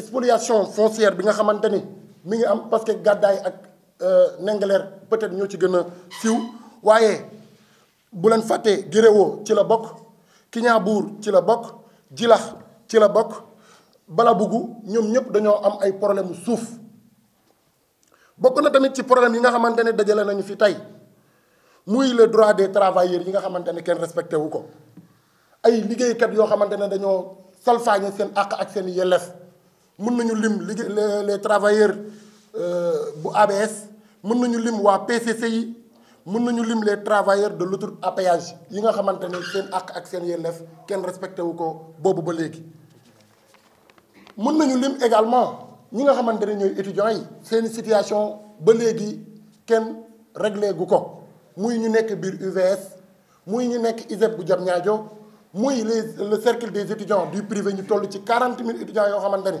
spoliation foncière bi nga xamante ni mi ngi am parce que gàddaay ak euh, Ndingler peut-être ñoo ci gën a siiw waaye bu leen fàttee Guéréo ci la bokk Kignanbour ci la bokk Djilakh ci la bokk buggu ñoom ñëpp dañoo am ay problème suuf bokk na tamit ci problème yi nga xamante ne dajale nañu fi tey muy le droit des travailleurs yi nga xamante ne kenn respecté wu ko ay liggéeykat yoo xamante ne dañoo salfaañe seen àq ak seen yelleef mën nañu lim les travailleurs euh, bu ABS mën nañu lim wa PCC yi mën nañu lim les travailleurs de l'autre à yi nga xamantene ne seen àq ak seen yelef ken respecté wu ko bobu ba légui mën nañu lim également ñi nga xamantene ñoy étudiants yi seen situation ba légui ken réglé gu ko muy ñu nekk biir UVS muy ñu nekk ISEP bu Diamniadio muy les le cercle des étudiants du privé ñu toll ci quarante étudiants yo xamantene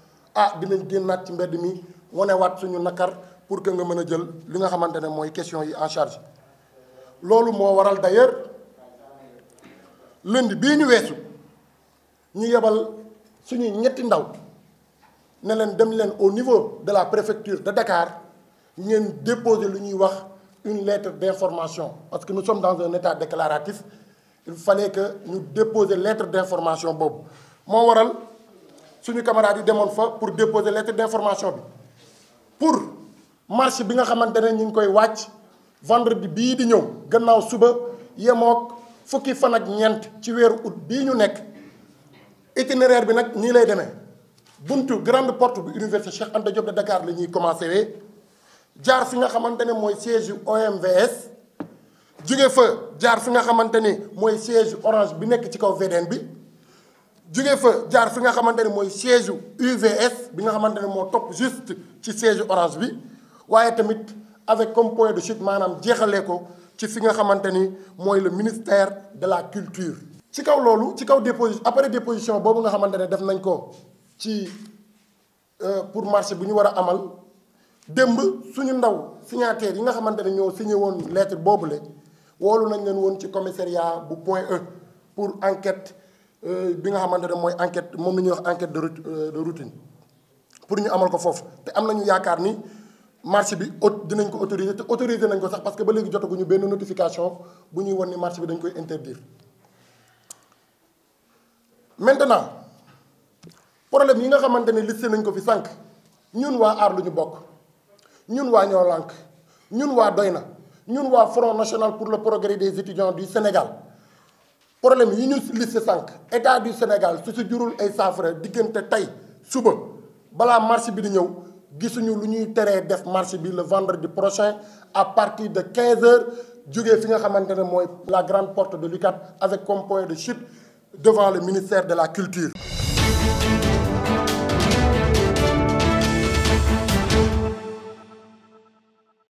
ah dinañ gennat ci mbedd mi suñu nakar pour que nga mëna jël li nga question yi en charge lolu mo waral d'ailleurs lundi bi ñu weesu ñu yebal suñu ñetti ndaw ne au niveau de la préfecture de Dakar déposer une lettre d'information parce que nous sommes dans un état déclaratif il fallait que nous déposer lettre d'information Bob. waral suñu camarades yi fa pour déposer lettre d'information bi pour marche bi nga xamante ne ngi koy wacc vendredi bi di ñëw gannaaw suba yemook fukki fan ak ñent ci wéru août bi ñu nekk itinéraire bi nak ni lay demee buntu grande porte bi université Cheikh Anta Diop de Dakar la ñuy commencé wee jaar fi nga xamante moy siège OMVS jóge fa jaar fi nga xamante moy siège orange bi nekk ci kaw VDN bi Dieu fa jaar fi nga xamanteni moy mooy siège UVS bi nga xamanteni mo top juste ci siège orange bi waye tamit avec comme point de chute manam jeexalee ko ci fi nga xamanteni moy le ministère de la culture. ci kaw loolu ci kaw déposition après déposition bobu nga xamante def nañ ko ci euh, pour marché bu ñu wara amal demb suñu ndaw signataire yi nga xamante ñoo signé woon lettre boobule wolu nañ leen woon ci commissariat bu point E pour enquête. Euh, bi nga xamante ne enquête moom la wax enquête euh, de routine pour ñu amal ko foofu te am nañu yaakar ni marché bi aut dinañ ko autoriser te autoriser nañ ko sax parce que ba jotagu ñu bénn notification bu ñuy won ni marché bi dañ koy interdire maintenant problème yi nga xamante ne listé nañ ko fi sank ñun wa ar luñu bok ñun wa ñoo ñun wa doyna ñun wa front national pour le progrès des étudiants du Sénégal problème yi ñu listé sank état du Sénégal su du jurul ay saafara digënté tay suba bala marché bi di ñëw gisunu lu ñuy téré def marché bi le vendredi prochain à partir de 15 h jógee fi nga xamante moy la grande porte de Lucat avec comme de chute devant le ministère de la culture.